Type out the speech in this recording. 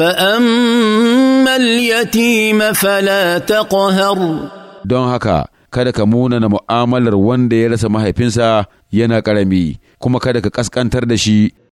فأما اليتيم فلا تقهر don haka kada ka munana mu'amalar wanda ya rasa mahaifinsa yana ƙarami kuma kada ka ƙasƙantar da shi